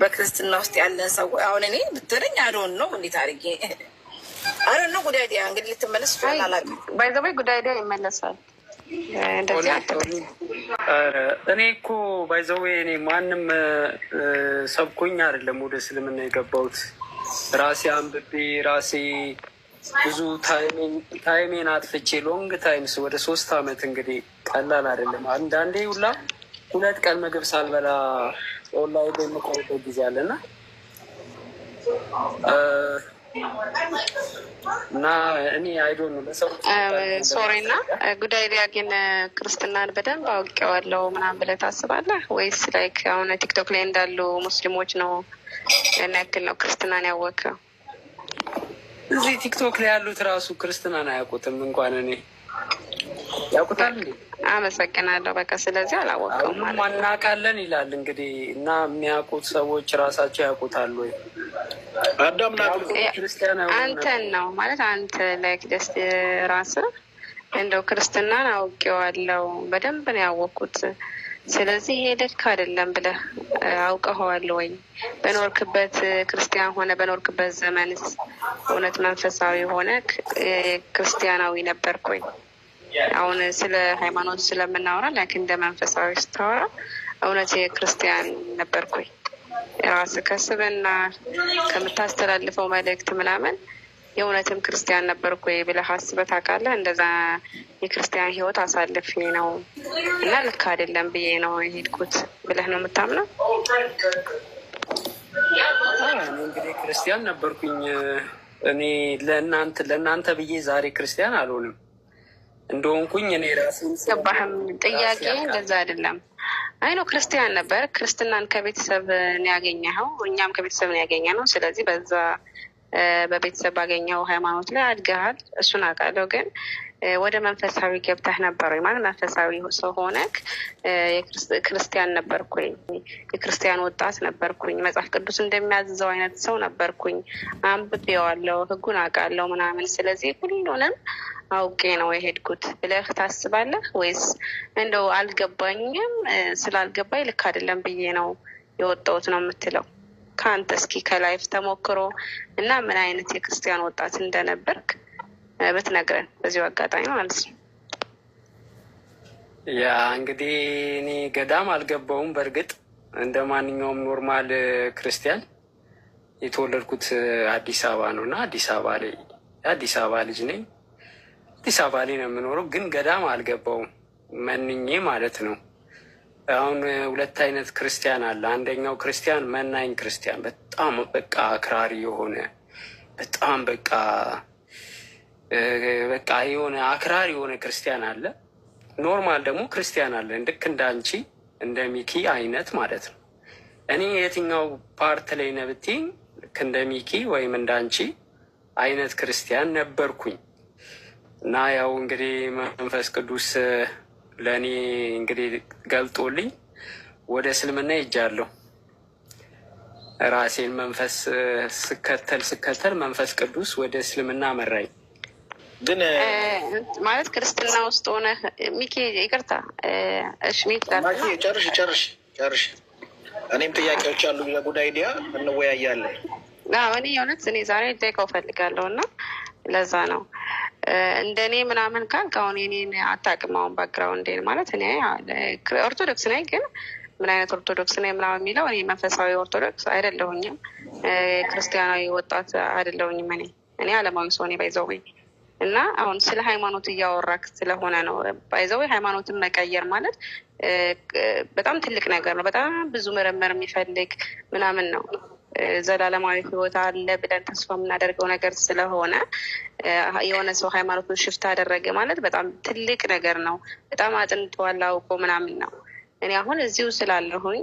በክርስትና ውስጥ ያለ ሰው አሁን እኔ ብትለኝ አዶን ነው እንዴት አድርጌ አዶን ነው ጉዳይ ዲያ እንግዲህ ልትመለስ ይችላል። ባይዘወይ ጉዳይ ዲያ ይመለሳል። እኔ እኮ ባይዘዌ እኔ ማንም ሰብኮኝ አይደለም ወደ እስልምና የገባሁት ራሴ አንብቤ ራሴ ብዙ ታይሜን አጥፍቼ ሎንግ ታይምስ ወደ ሶስት አመት እንግዲህ ቀላል አይደለም። አንዳንዴ ሁላ ሁለት ቀን ምግብ ሳልበላ ኦንላይ ላይ የምቆይበት ጊዜ አለና እና እኔ አይዶ ሶሪ እና ጉዳይ ላይ ግን ክርስትናን በደንብ አውቄዋለሁ ምናምን ብለህ ታስባለህ ወይስ ላይክ አሁን ቲክቶክ ላይ እንዳሉ ሙስሊሞች ነው ያን ያክል ነው ክርስትናን ያወቀው እዚህ ቲክቶክ ላይ ያሉት ራሱ ክርስትናን አያውቁትም እንኳን እኔ ያውቁታል እንዴ? አመሰግናለሁ። በቃ ስለዚህ አላወቀውም ማለት እናውቃለን ይላል እንግዲህ። እና የሚያውቁት ሰዎች ራሳቸው ያውቁታሉ ወይ? አንተን ነው ማለት አንተ ላይ ደስ ራስህ እንደው ክርስትናን አውቄዋለሁ በደንብ ነው ያወቅኩት። ስለዚህ ይሄ ልክ አይደለም ብለህ አውቀኸዋል ወይ? በኖርክበት ክርስቲያን ሆነ በኖርክበት ዘመንስ እውነት መንፈሳዊ ሆነ ክርስቲያናዊ ነበርኩኝ አሁን ስለ ሃይማኖት ስለምናወራ ላኪን እንደ መንፈሳዊ ስታወራ እውነት የክርስቲያን ነበርኩኝ። ራስ ከስብና ከምታስተላልፈው መልእክት ምናምን የእውነትም ክርስቲያን ነበርኩ ብለህ አስበህ ታውቃለህ? እንደዛ የክርስቲያን ህይወት አሳልፍኝ ነው እና ልክ አይደለም ብዬ ነው የሄድኩት ብለህ ነው የምታምነው? እንግዲህ ክርስቲያን ነበርኩኝ እኔ ለእናንተ ለእናንተ ብዬ ዛሬ ክርስቲያን አልሆንም እንደሆንኩኝ እኔ ራሴ ገባህም ጥያቄ እንደዛ አይደለም። አይ ነው ክርስቲያን ነበር። ክርስትናን ከቤተሰብ ነው ያገኘኸው፣ እኛም ከቤተሰብ ነው ያገኘ ነው። ስለዚህ በዛ በቤተሰብ ባገኘው ሃይማኖት ላይ አድገሃል። እሱን አውቃለሁ ግን ወደ መንፈሳዊ ገብተህ ነበር ወይ? ማለት መንፈሳዊ ሆነክ ክርስቲያን ነበርኩኝ፣ የክርስቲያን ወጣት ነበርኩኝ፣ መጽሐፍ ቅዱስ እንደሚያዝዘው አይነት ሰው ነበርኩኝ፣ አንብቤዋለሁ፣ ህጉን አውቃለሁ ምናምን፣ ስለዚህ ሁሉንም አውቄ ነው የሄድኩት ብለህ ታስባለህ ወይስ እንደው አልገባኝም ስላልገባኝ ልክ አይደለም ብዬ ነው የወጣሁት ነው የምትለው? ከአንተ እስኪ ከላይፍ ተሞክሮ እና ምን አይነት የክርስቲያን ወጣት እንደነበርክ ብትነግረን በዚሁ አጋጣሚ ማለት ነው። ያ እንግዲህ እኔ ገዳም አልገባውም። በእርግጥ እንደ ማንኛውም ኖርማል ክርስቲያን የተወለድኩት አዲስ አበባ ነው እና አዲስ አበባ ላይ አዲስ አበባ ልጅ ነኝ። አዲስ አበባ ላይ ነው የምኖረው፣ ግን ገዳም አልገባውም መንኜ ማለት ነው። አሁን ሁለት አይነት ክርስቲያን አለ። አንደኛው ክርስቲያን መናኝ ክርስቲያን፣ በጣም በቃ አክራሪ የሆነ በጣም በቃ በቃ የሆነ አክራሪ የሆነ ክርስቲያን አለ፣ ኖርማል ደግሞ ክርስቲያን አለ። ልክ እንደ አንቺ እንደ ሚኪ አይነት ማለት ነው። እኔ የትኛው ፓርት ላይ ነብቲ ልክ እንደ ሚኪ ወይም እንደ አንቺ አይነት ክርስቲያን ነበርኩኝ እና ያው እንግዲህ መንፈስ ቅዱስ ለእኔ እንግዲህ ገልጦልኝ ወደ እስልምና ይጃለሁ። ራሴን መንፈስ ስከተል ስከተል መንፈስ ቅዱስ ወደ እስልምና መራኝ። ግን ማለት ክርስትና ውስጥ ሆነ ሚኪ ይቅርታ፣ ጨርሽ ጨርሽ ጨርሽ። እኔም ጥያቄዎች አሉ ለጉዳይ ዲያ እንወያያለን። እኔ የእውነት እኔ ዛሬ ልጠይቀው ፈልጋለሁ እና ለዛ ነው እንደ እኔ ምናምን ካልክ አሁን የኔን አታውቅም። አሁን ባግራውንዴን ማለት እኔ ኦርቶዶክስ ነኝ ግን ምን አይነት ኦርቶዶክስ ነው ምናምን የሚለው እኔ መንፈሳዊ ኦርቶዶክስ አይደለሁኝም። ክርስቲያናዊ ወጣት አይደለሁኝም። እኔ እኔ አለማዊ ሰው እኔ ባይዘው እና አሁን ስለ ሃይማኖት እያወራክ ስለሆነ ነው። ባይዘው ሃይማኖትን መቀየር ማለት በጣም ትልቅ ነገር ነው። በጣም ብዙ ምርምር የሚፈልግ ምናምን ነው። ዘላለማዊ ህይወት አለ ብለን ተስፋ የምናደርገው ነገር ስለሆነ የሆነ ሰው ሃይማኖቱን ሽፍት አደረገ ማለት በጣም ትልቅ ነገር ነው። በጣም አጥንቷል አውቆ ምናምን ነው። እኔ አሁን እዚሁ ስላለሁኝ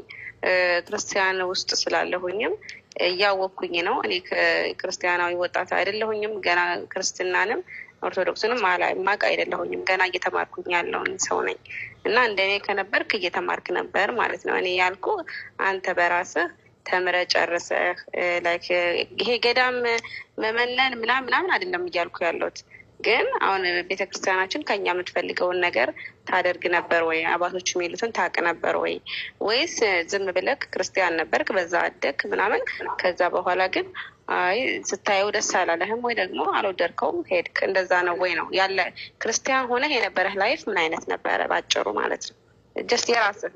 ክርስቲያን ውስጥ ስላለሁኝም እያወቅኩኝ ነው። እኔ ክርስቲያናዊ ወጣት አይደለሁኝም ገና ክርስትናንም ኦርቶዶክስንም ማቅ አይደለሁኝም ገና እየተማርኩኝ ያለውን ሰው ነኝ እና እንደኔ ከነበርክ እየተማርክ ነበር ማለት ነው። እኔ ያልኩ አንተ በራስህ ተምረ ጨርሰህ ይሄ ገዳም መመነን ምናምን ምናምን አይደለም እያልኩ ያለሁት ግን አሁን ቤተክርስቲያናችን ከኛ የምትፈልገውን ነገር ታደርግ ነበር ወይ? አባቶች የሚሉትን ታቅ ነበር ወይ? ወይስ ዝም ብለክ ክርስቲያን ነበርክ በዛ አደግ ምናምን፣ ከዛ በኋላ ግን አይ ስታየው ደስ አላለህም ወይ ደግሞ አልወደድከውም ሄድክ፣ እንደዛ ነው ወይ ነው ያለ? ክርስቲያን ሆነህ የነበረህ ላይፍ ምን አይነት ነበረ? ባጭሩ ማለት ነው ጀስት የራስህ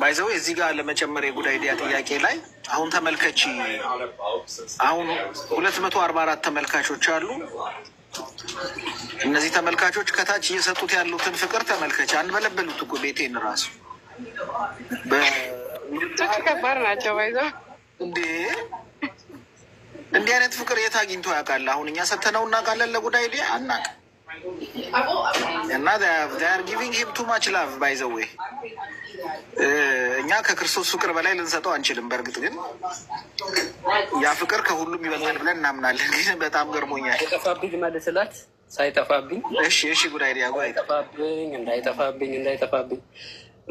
ባይዘው እዚህ ጋር ለመጨመር የጉዳይ ዲያ ጥያቄ ላይ አሁን ተመልከች፣ አሁን ሁለት መቶ አርባ አራት ተመልካቾች አሉ። እነዚህ ተመልካቾች ከታች እየሰጡት ያሉትን ፍቅር ተመልከች። አንበለበሉት እኮ ቤቴን ራሱ ከባድ ናቸው። ይዘ እንዴ እንዲህ አይነት ፍቅር የት አግኝቶ ያውቃል? አሁን እኛ ሰተነው እናውቃለን፣ ለጉዳይ ዲ አናቅ እና ጊቪንግ ሂም ቱ ማች ላቭ ባይዘዌ እኛ ከክርስቶስ ፍቅር በላይ ልንሰጠው አንችልም። በእርግጥ ግን ያ ፍቅር ከሁሉም ይበልጣል ብለን እናምናለን። ግን በጣም ገርሞኛል። የጠፋብኝ ሳይጠፋብኝ እሺ፣ እሺ፣ ጉዳይ ዲያጎ አይጠፋብኝ፣ እንዳይጠፋብኝ፣ እንዳይጠፋብኝ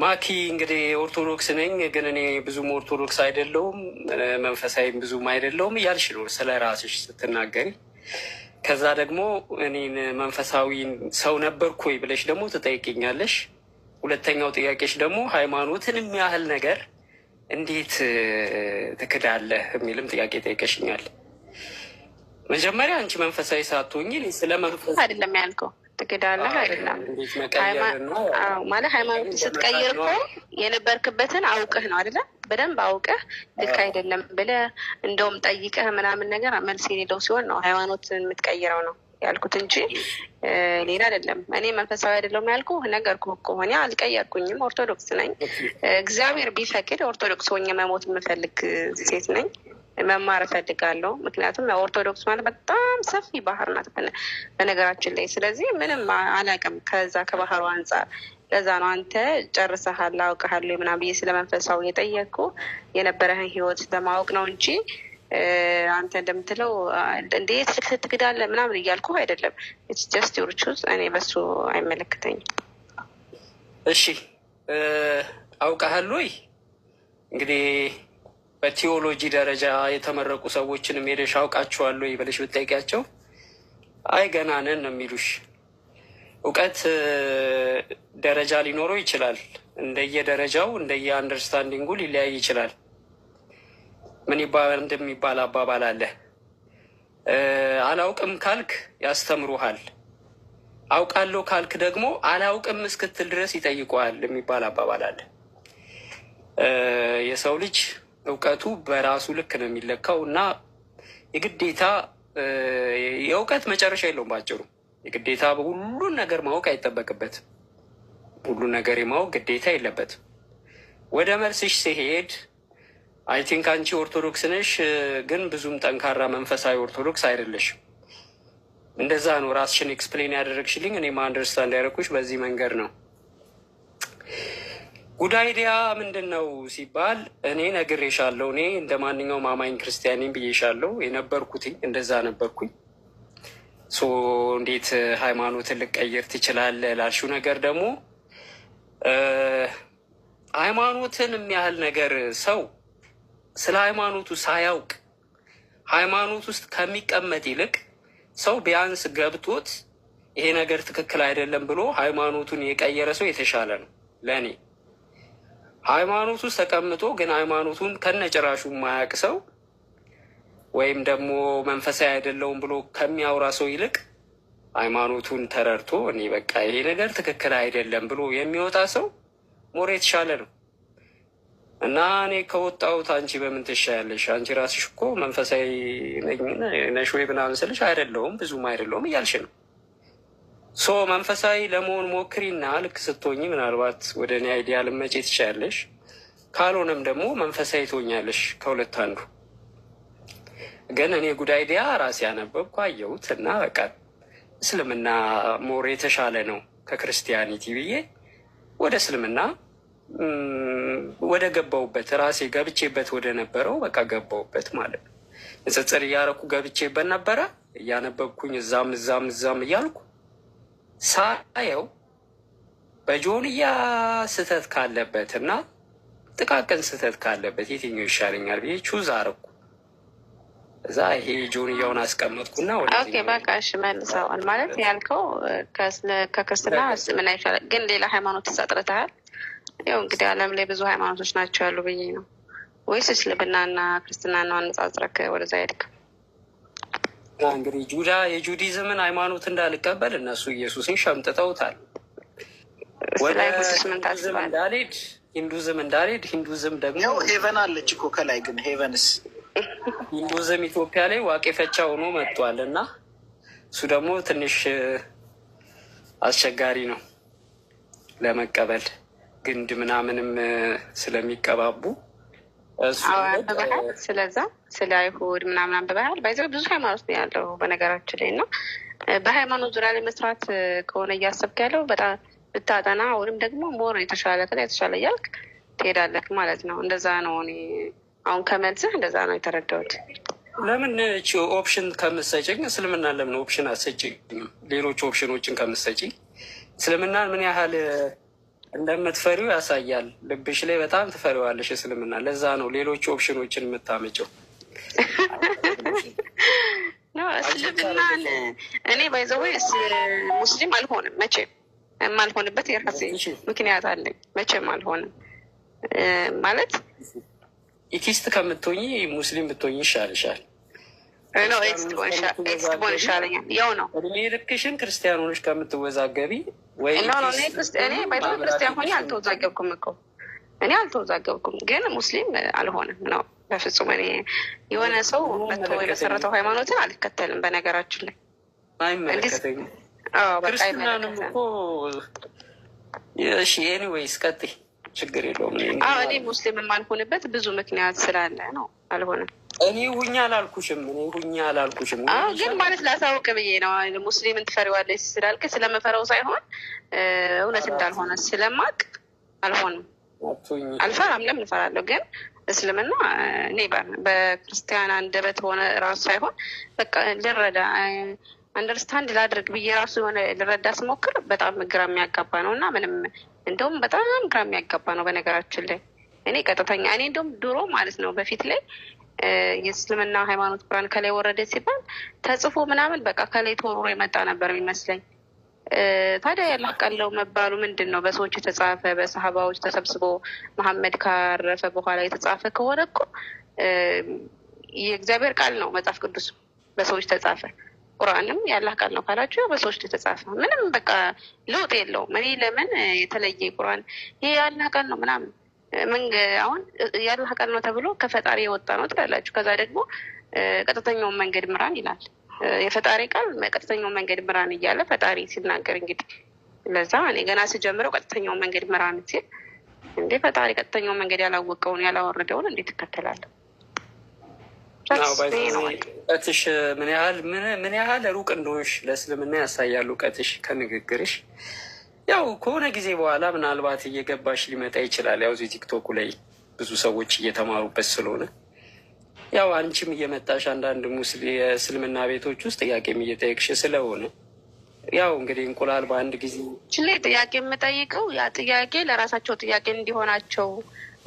ማኪ እንግዲህ ኦርቶዶክስ ነኝ ግን እኔ ብዙም ኦርቶዶክስ አይደለውም መንፈሳዊም ብዙም አይደለውም እያልሽ ነው ስለ ራስሽ ስትናገሪ። ከዛ ደግሞ እኔን መንፈሳዊ ሰው ነበርኩ ወይ ብለሽ ደግሞ ትጠይቅኛለሽ። ሁለተኛው ጥያቄች ደግሞ ሃይማኖትን የሚያህል ነገር እንዴት ትክዳለህ የሚልም ጥያቄ ጠይቀሽኛል። መጀመሪያ አንቺ መንፈሳዊ ሳትሆኚ ስለ መንፈስ አይደለም ያልከው ትክዳለህ አይደለም ማለት ሃይማኖት ስትቀይር እኮ የነበርክበትን አውቅህ ነው አይደለም በደንብ አውቀህ ልክ አይደለም ብለህ እንደውም ጠይቀህ ምናምን ነገር መልስ የሌለው ሲሆን ነው ሃይማኖትን የምትቀይረው ነው ያልኩት እንጂ ሌላ አይደለም። እኔ መንፈሳዊ አይደለም ያልኩ ነገርኩ ሆኔ አልቀየርኩኝም። ኦርቶዶክስ ነኝ። እግዚአብሔር ቢፈቅድ ኦርቶዶክስ ሆኜ መሞት የምፈልግ ሴት ነኝ። መማር እፈልጋለሁ። ምክንያቱም ኦርቶዶክስ ማለት በጣም ሰፊ ባህር ናት በነገራችን ላይ። ስለዚህ ምንም አላውቅም ከዛ ከባህሩ አንጻር ለዛ ነው አንተ ጨርሰሃል አውቀሃለሁ ምናምን ብዬ ስለመንፈሳዊ የጠየቅኩ የነበረህን ህይወት ለማወቅ ነው እንጂ አንተ እንደምትለው እንደ ስልክ ስትግዳለ ምናምን እያልኩ አይደለም። ኢትስ ጀስት ዩር ቹዝ። እኔ በሱ አይመለከተኝም። እሺ አውቃሃል ወይ እንግዲህ በቲዎሎጂ ደረጃ የተመረቁ ሰዎችን ሄደሽ አውቃችኋል ወይ ብለሽ አይ ገና ነን ነው የሚሉሽ። እውቀት ደረጃ ሊኖረው ይችላል። እንደየደረጃው እንደየ አንደርስታንዲንጉ ሊለያይ ይችላል። ምን ይባላል እንደሚባል አባባል አለ። አላውቅም ካልክ ያስተምሩሃል፣ አውቃለሁ ካልክ ደግሞ አላውቅም እስክትል ድረስ ይጠይቀዋል የሚባል አባባል አለ። የሰው ልጅ እውቀቱ በራሱ ልክ ነው የሚለካው እና የግዴታ የእውቀት መጨረሻ የለውም። ባጭሩ የግዴታ ሁሉን ነገር ማወቅ አይጠበቅበትም። ሁሉን ነገር የማወቅ ግዴታ የለበትም። ወደ መልስሽ ሲሄድ አይ ቲንክ አንቺ ኦርቶዶክስ ነሽ፣ ግን ብዙም ጠንካራ መንፈሳዊ ኦርቶዶክስ አይደለሽም። እንደዛ ነው ራስሽን ኤክስፕሌን ያደረግሽልኝ። እኔ ማንደርስታንድ ያደረኩሽ በዚህ መንገድ ነው። ጉድ አይዲያ ምንድን ነው ሲባል እኔ ነግሬሻለሁ። እኔ እንደ ማንኛውም አማኝ ክርስቲያኔ ብዬሻለሁ። የነበርኩትኝ እንደዛ ነበርኩኝ። ሶ እንዴት ሃይማኖትን ልቀይር ትችላለህ ላልሽው ነገር ደግሞ ሃይማኖትን የሚያህል ነገር ሰው ስለ ሃይማኖቱ ሳያውቅ ሃይማኖት ውስጥ ከሚቀመጥ ይልቅ ሰው ቢያንስ ገብቶት ይሄ ነገር ትክክል አይደለም ብሎ ሃይማኖቱን የቀየረ ሰው የተሻለ ነው ለእኔ። ሃይማኖት ውስጥ ተቀምጦ ግን ሃይማኖቱን ከነጭራሹ ማያቅ ሰው ወይም ደግሞ መንፈሳዊ አይደለውም ብሎ ከሚያወራ ሰው ይልቅ ሃይማኖቱን ተረድቶ እኔ በቃ ይሄ ነገር ትክክል አይደለም ብሎ የሚወጣ ሰው ሞር የተሻለ ነው። እና እኔ ከወጣሁት አንቺ በምን ትሻያለሽ? አንቺ ራስሽ እኮ መንፈሳዊ ነሽ ወይ ምናምን ስልሽ አይደለውም ብዙም አይደለውም እያልሽ ነው። ሶ መንፈሳዊ ለመሆን ሞክሪና ልክ ስትሆኝ ምናልባት ወደ እኔ አይዲያ ልመጪ ትሻያለሽ። ካልሆነም ደግሞ መንፈሳዊ ትሆኛለሽ። ከሁለት አንዱ ግን እኔ ጉድ አይዲያ ራሴ ያነበብኩ አየሁት እና በቃ እስልምና ሞር የተሻለ ነው ከክርስቲያኒቲ ብዬ ወደ እስልምና ወደ ገባውበት ራሴ ገብቼበት ወደ ነበረው በቃ ገባውበት ማለት ነው። ንጽጽር እያረኩ ገብቼበት ነበረ እያነበብኩኝ እዛም እዛም እዛም እያልኩ ሳየው በጆንያ ስህተት ካለበት እና ጥቃቅን ስህተት ካለበት የትኛው ይሻለኛል ብዬ ቹዝ አረኩ። እዛ ይሄ ጆንያውን አስቀመጥኩና ወደ በቃ እሺ መልሰዋል ማለት ያልከው ከክርስትና ምን ይሻላል፣ ግን ሌላ ሃይማኖት ተሳጥረታል ያው እንግዲህ አለም ላይ ብዙ ሃይማኖቶች ናቸው ያሉ ብዬ ነው። ወይስ እስልምናና ነው አነጻጽረክ ወደዛ ሄድክ? እንግዲህ ጁዳ የጁዲዝምን ሃይማኖት እንዳልቀበል እነሱ ኢየሱስን ሸምጥጠውታል። ወደምን እንዳልሄድ ሂንዱዝም እንዳልሄድ ሂንዱዝም ደግሞ ሄቨን አለች እኮ ከላይ ግን ሄቨንስ ሂንዱዝም ኢትዮጵያ ላይ ዋቄ ፈቻ ሆኖ መጥቷል እና እሱ ደግሞ ትንሽ አስቸጋሪ ነው ለመቀበል። ግንድ ምናምንም ስለሚቀባቡ አንብበሃል። ስለዛ ስለ አይሁድ ምናምን አንብበሃል። ባይዘ ብዙ ሃይማኖት ነው ያለው በነገራችን ላይ እና በሃይማኖት ዙሪያ ላይ መስራት ከሆነ እያሰብክ ያለው በጣም ብታጠና ወይም ደግሞ ሞር የተሻለ ከላ የተሻለ እያልክ ትሄዳለክ ማለት ነው። እንደዛ ነው እኔ አሁን ከመልስህ እንደዛ ነው የተረዳሁት። ለምን እቺ ኦፕሽን ከምሰጭኝ እስልምና ለምን ኦፕሽን አሰጭኝ? ሌሎች ኦፕሽኖችን ከምሰጭኝ እስልምና ምን ያህል እንደምትፈሪው ያሳያል። ልብሽ ላይ በጣም ትፈሪዋለሽ እስልምና። ለዛ ነው ሌሎች ኦፕሽኖችን የምታመጭው። እስልምናን እኔ ባይዘወ ሙስሊም አልሆንም መቼም የማልሆንበት የራሴ ምክንያት አለኝ። መቼም አልሆንም ማለት ኢቲስት ከምትሆኚ ሙስሊም ብትሆኝ ይሻልሻል። ስትሆን ልክሽን ክርስቲያኖች ከምትወዛገቢ ክርስቲያን ሆኜ አልተወዛገብኩም እኮ እኔ አልተወዛገብኩም፣ ግን ሙስሊም አልሆንም ነው በፍጹም። እኔ የሆነ ሰው መቶ የመሰረተው ሃይማኖትን አልከተልም። በነገራችን ላይ ኤኒዌይስ ቀጥይ፣ ችግር የለውም። እኔ ሙስሊም የማልሆንበት ብዙ ምክንያት ስላለ ነው አልሆነም። እኔ ሁኛ አላልኩሽም። እኔ ሁኛ አላልኩሽም፣ ግን ማለት ላሳውቅ ብዬ ነው። ሙስሊምን ትፈሪዋለች ስላልክ ስለምፈረው ሳይሆን እውነት እንዳልሆነ ስለማቅ አልሆንም። አልፈራም። ለምን እፈራለሁ? ግን እስልምና እኔ በክርስቲያን አንደበት ሆነ ራሱ ሳይሆን በቃ ልረዳ አንደርስታንድ ላድርግ ብዬ ራሱ የሆነ ልረዳ ስሞክር በጣም ግራ የሚያጋባ ነው እና ምንም እንደውም በጣም ግራ የሚያጋባ ነው። በነገራችን ላይ እኔ ቀጥተኛ እኔ እንደውም ድሮ ማለት ነው በፊት ላይ የእስልምና ሃይማኖት ቁርአን ከላይ ወረደ ሲባል ተጽፎ ምናምን በቃ ከላይ ተወሮ የመጣ ነበር የሚመስለኝ። ታዲያ ያላህ መባሉ ምንድን ነው? በሰዎች የተጻፈ በሰሃባዎች ተሰብስቦ መሐመድ ካረፈ በኋላ የተጻፈ ከሆነ እኮ የእግዚአብሔር ቃል ነው። መጽሐፍ ቅዱስ በሰዎች ተጻፈ፣ ቁርአንም ያላህ ቃል ነው ካላችሁ በሰዎች የተጻፈ ምንም በቃ ለውጥ የለውም። እኔ ለምን የተለየ ቁርአን ይሄ ያላህ ቃል ነው ምናምን ምን አሁን ያላህ ቃል ነው ተብሎ ከፈጣሪ የወጣ ነው ትላላችሁ። ከዛ ደግሞ ቀጥተኛውን መንገድ ምራን ይላል። የፈጣሪ ቃል ቀጥተኛው መንገድ ምራን እያለ ፈጣሪ ሲናገር እንግዲህ ለዛ እኔ ገና ስጀምረው ቀጥተኛውን መንገድ ምራን ሲል እንዴ ፈጣሪ ቀጥተኛውን መንገድ ያላወቀውን ያላወረደውን እንዴት ትከተላለሁ? እውቀትሽ ምን ያህል ምን ያህል ሩቅ እንደሆንሽ ለእስልምና ያሳያል። እውቀትሽ ከንግግርሽ ያው ከሆነ ጊዜ በኋላ ምናልባት እየገባሽ ሊመጣ ይችላል። ያው እዚህ ቲክቶኩ ላይ ብዙ ሰዎች እየተማሩበት ስለሆነ ያው አንቺም እየመጣሽ አንዳንድ የእስልምና ቤቶች ውስጥ ጥያቄም እየጠየቅሽ ስለሆነ ያው እንግዲህ እንቁላል በአንድ ጊዜ ችላይ ጥያቄ የምጠይቀው ያ ጥያቄ ለራሳቸው ጥያቄ እንዲሆናቸው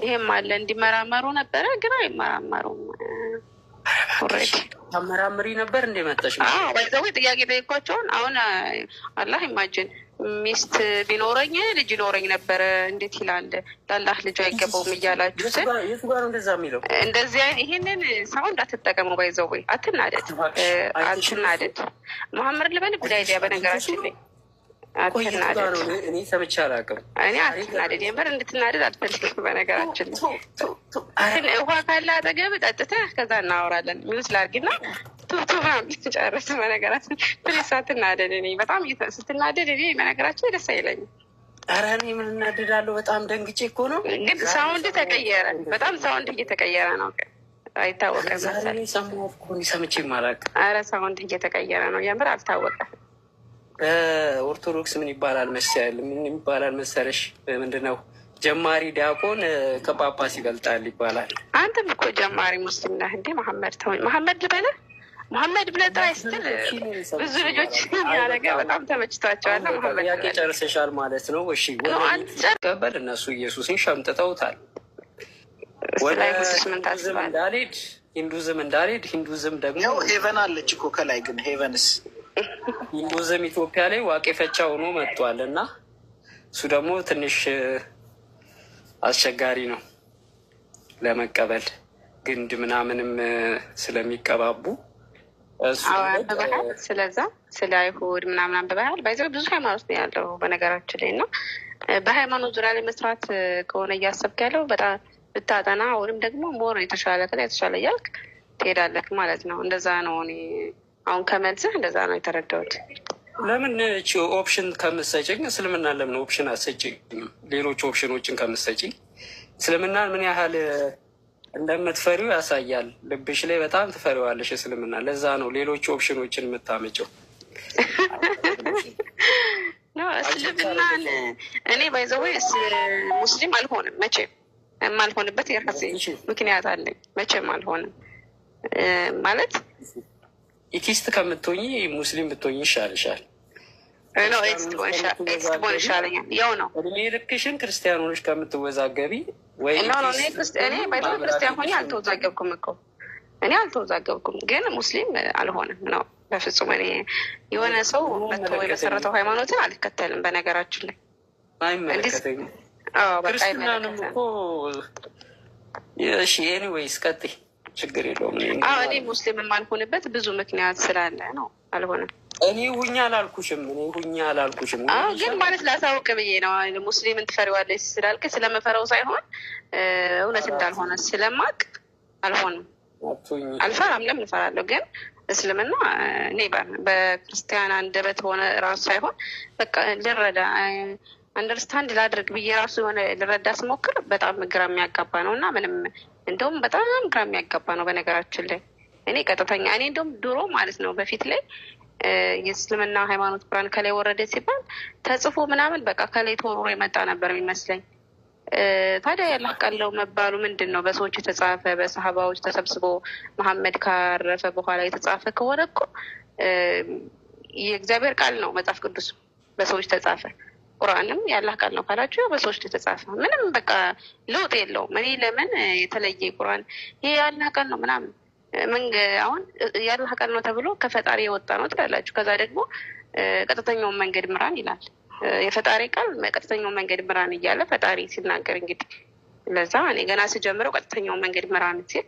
ይሄም አለ እንዲመራመሩ ነበረ፣ ግን አይመራመሩም። ተመራምሪ ነበር እንደመጣሽ ወይ ጥያቄ ጠይቋቸውን አሁን አላህ ይማጅን ሚስት ቢኖረኝ ልጅ ይኖረኝ ነበረ። እንዴት ይላል ላላህ ልጅ አይገባውም እያላችሁ እያላችሁት እንደዚህ ይሄንን ሰው እንዳትጠቀሙ። ባይዘው ወይ አትናደድ፣ አትናደድ መሐመድ ልበል ጉዳይዲያ በነገራችን ላይ አትናደድ። እኔ እኔ አትናደድ የምር እንድትናደድ አልፈልግም። በነገራችን ውሃ ካለ አጠገብ ጠጥተህ ከዛ እናወራለን ሚውስ ላርግና ቶቶን ጨረስ በነገራችን እኔ በጣም ስትናደድ እኔ በነገራችን ደስ አይለኝም። ኧረ እኔ ምን እናደዳለሁ? በጣም ደንግጬ እኮ ነው። ግን ሳውንድ ተቀየረ፣ በጣም ሳውንድ እየተቀየረ ነው። አይታወቀም። ሰምቼ ማላቅ። ኧረ ሳውንድ እየተቀየረ ነው። የምር አልታወቀም። ምን ይባላል መሰል ምን ይባላል መሰለሽ? ምንድን ነው ጀማሪ ዲያቆን ከጳጳስ ይበልጣል ይባላል። አንተም እኮ ጀማሪ ሙስሊም ነህ እንዴ? መሐመድ ተወኝ፣ መሐመድ ልበለህ መሀመድ ብለህ ጥራ ስትል ብዙ ልጆች ያደረገ በጣም ተመችቷቸዋል። ጥያቄ ጨርሰሻል ማለት ነው? እሺ ቀበል እነሱ ኢየሱስን ሸምጥጠውታል። ወላይ ሂንዱዝም እንዳልሄድ ሂንዱዝም ደግሞ ሄቨን አለች እኮ ከላይ ግን ሄቨንስ ሂንዱዝም ኢትዮጵያ ላይ ዋቄ ፈቻ ሆኖ መጥቷል እና እሱ ደግሞ ትንሽ አስቸጋሪ ነው ለመቀበል ግንድ ምናምንም ስለሚቀባቡ አንብበሃል። ስለዛ ስለ አይሁድ ምናምን አንብበሃል። ባይዘ ብዙ ሃይማኖት ነው ያለው በነገራችን ላይ እና በሃይማኖት ዙሪያ ላይ መስራት ከሆነ እያሰብክ ያለው በጣም ብታጠና ወይም ደግሞ ሞር የተሻለ ከ የተሻለ እያልክ ትሄዳለህ ማለት ነው። እንደዛ ነው እኔ አሁን ከመልስህ እንደዛ ነው የተረዳሁት። ለምን እቺ ኦፕሽን ከምሰጭኝ እስልምና ለምን ኦፕሽን አሰጭኝ? ሌሎች ኦፕሽኖችን ከምሰጭኝ እስልምና ምን ያህል እንደምትፈሪው ያሳያል። ልብሽ ላይ በጣም ትፈሪዋለሽ እስልምና። ለዛ ነው ሌሎቹ ኦፕሽኖችን የምታመጭው። እስልምናን እኔ ባይዘወ ሙስሊም አልሆንም መቼም የማልሆንበት የራሴ ምክንያት አለኝ። መቼም አልሆንም ማለት ኢቲስት ከምትሆኝ ሙስሊም ብትሆኝ ይሻልሻል። ያው ነው እድሜ ልክሽን ከምትወዛገቢ ወይ ክርስቲያን ሆኜ አልተወዛገብኩም እኮ እኔ አልተወዛገብኩም፣ ግን ሙስሊም አልሆንም ነው በፍጹም። እኔ የሆነ ሰው መቶ የመሰረተው ሃይማኖትን አልከተልም። በነገራችን ላይ ክርስትናንም እኮ ኤኒዌይስ ቀጥይ፣ ችግር የለውም። እኔ ሙስሊም የማልሆንበት ብዙ ምክንያት ስላለ ነው አልሆነም። እኔ ሁኛ አላልኩሽም። እኔ ሁኛ አላልኩሽም። አዎ ግን ማለት ላሳውቅ ብዬ ነው። ሙስሊምን ትፈሪዋለች ስላልክ ስለመፈረው ሳይሆን እውነት እንዳልሆነ ስለማቅ አልሆንም። አልፈራም። ለምን እፈራለሁ? ግን እስልምና እኔ በክርስቲያን አንደበት ሆነ ራሱ ሳይሆን በቃ ልረዳ አንደርስታንድ ላድርግ ብዬ ራሱ የሆነ ልረዳ ስሞክር በጣም ግራ የሚያጋባ ነው እና ምንም እንደውም በጣም ግራ የሚያጋባ ነው። በነገራችን ላይ እኔ ቀጥተኛ እኔ እንደውም ድሮ ማለት ነው በፊት ላይ የእስልምና ሃይማኖት ቁርአን ከላይ ወረደ ሲባል ተጽፎ ምናምን በቃ ከላይ ተወርሮ የመጣ ነበር የሚመስለኝ። ታዲያ ያላቃለው መባሉ ምንድን ነው? በሰዎች የተጻፈ በሰሃባዎች ተሰብስቦ መሐመድ ካረፈ በኋላ የተጻፈ ከሆነ እኮ የእግዚአብሔር ቃል ነው መጽሐፍ ቅዱስ በሰዎች ተጻፈ። ቁርአንም ያላህ ቃል ነው ካላችሁ ያው በሰዎች የተጻፈ ምንም በቃ ለውጥ የለውም። እኔ ለምን የተለየ ቁርአን ይሄ ያላህ ቃል ነው ምናምን አሁን ያለ ቃል ነው ተብሎ ከፈጣሪ የወጣ ነው ትላላችሁ። ከዛ ደግሞ ቀጥተኛውን መንገድ ምራን ይላል። የፈጣሪ ቃል ቀጥተኛውን መንገድ ምራን እያለ ፈጣሪ ሲናገር እንግዲህ ለዛ እኔ ገና ስጀምረው ቀጥተኛውን መንገድ ምራን ሲል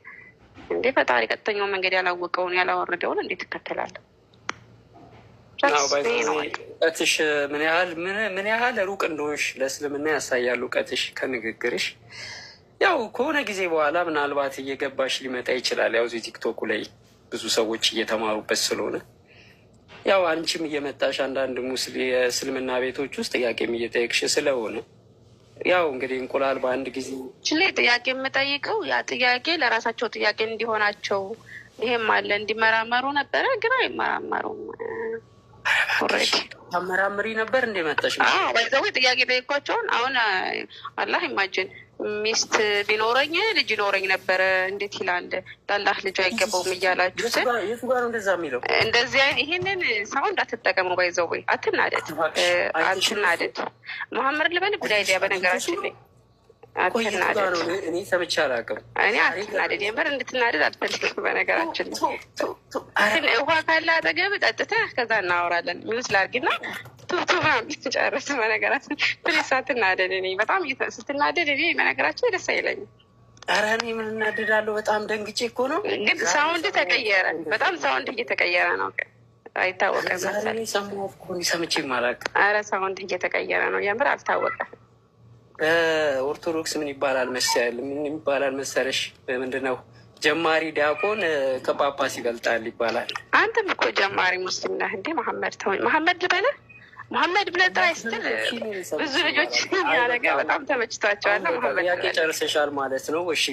እንዴ ፈጣሪ ቀጥተኛውን መንገድ ያላወቀውን ያላወረደውን እንዴት ትከተላለህ? እውቀትሽ ምን ያህል ምን ያህል ሩቅ እንደሆንሽ ለእስልምና ያሳያል እውቀትሽ ከንግግርሽ ያው ከሆነ ጊዜ በኋላ ምናልባት እየገባሽ ሊመጣ ይችላል። ያው እዚህ ቲክቶኩ ላይ ብዙ ሰዎች እየተማሩበት ስለሆነ ያው አንቺም እየመጣሽ አንዳንድ የእስልምና ቤቶች ውስጥ ጥያቄም እየጠየቅሽ ስለሆነ ያው እንግዲህ እንቁላል በአንድ ጊዜ ላይ ጥያቄ የምጠይቀው ያ ጥያቄ ለራሳቸው ጥያቄ እንዲሆናቸው ይሄም አለ እንዲመራመሩ ነበረ፣ ግን አይመራመሩም። ተመራምሪ ነበር እንደመጣሽ በዛ ጥያቄ ጠይቋቸውን አሁን አላህ ይማጅን ሚስት ቢኖረኝ ልጅ ይኖረኝ ነበረ። እንዴት ይላል ላላህ ልጅ አይገባውም እያላችሁ ስል እንደዚህ ይሄንን ሰው እንዳትጠቀሙ ባይዘው ወይ አትናደድ፣ አትናደድ መሐመድ ልበል ጉዳይዲያ በነገራችን ላይ አትናደድ። እኔ ሰምቼ አላውቅም። እኔ አትናደድ የምር እንድትናደድ አልፈልግም። በነገራችን ውሃ ካለ አጠገብ ጠጥተህ ከዛ እናወራለን። ሚውት ላርግና ቶቶል እኔ በጣም ስትናደድ እኔ መነገራቸው ደስ አይለኝም። ኧረ እኔ ምን እናደዳለሁ? በጣም ደንግጬ እኮ ነው። ግን ሳውንድ ተቀየረ፣ በጣም ሳውንድ እየተቀየረ ነው። መሰለኝ ሰምቼ ማላቅ። ኧረ ሳውንድ እየተቀየረ ነው፣ የምር ምን ይባላል መሰል ምን ይባላል መሰለሽ? ምንድን ነው ጀማሪ ዲያቆን ከጳጳስ ይበልጣል ይባላል። አንተም እኮ ጀማሪ ሙስሊም ነህ እንዴ? መሐመድ ተው፣ መሐመድ ልበልህ መሀመድ ብለህ ጥራ ስትል ብዙ ልጆች ያደረገ በጣም ተመችቷቸዋል። መሀመድ ጨርሰሻል ማለት ነው። እሺ